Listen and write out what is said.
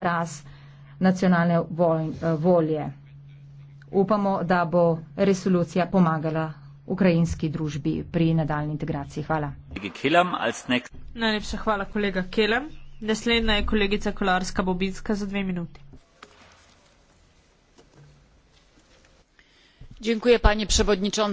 raz nacionalne vojn, eh, volje. Upamo, da bo resolucija pomagala ukrajinski družbi pri nadaljni integraciji. Hvala. Najlepša hvala, kolega Kelem. Naslednja je kolegica Kolarska Bobinska za dve minuti. Dziękuję panie przewodniczący.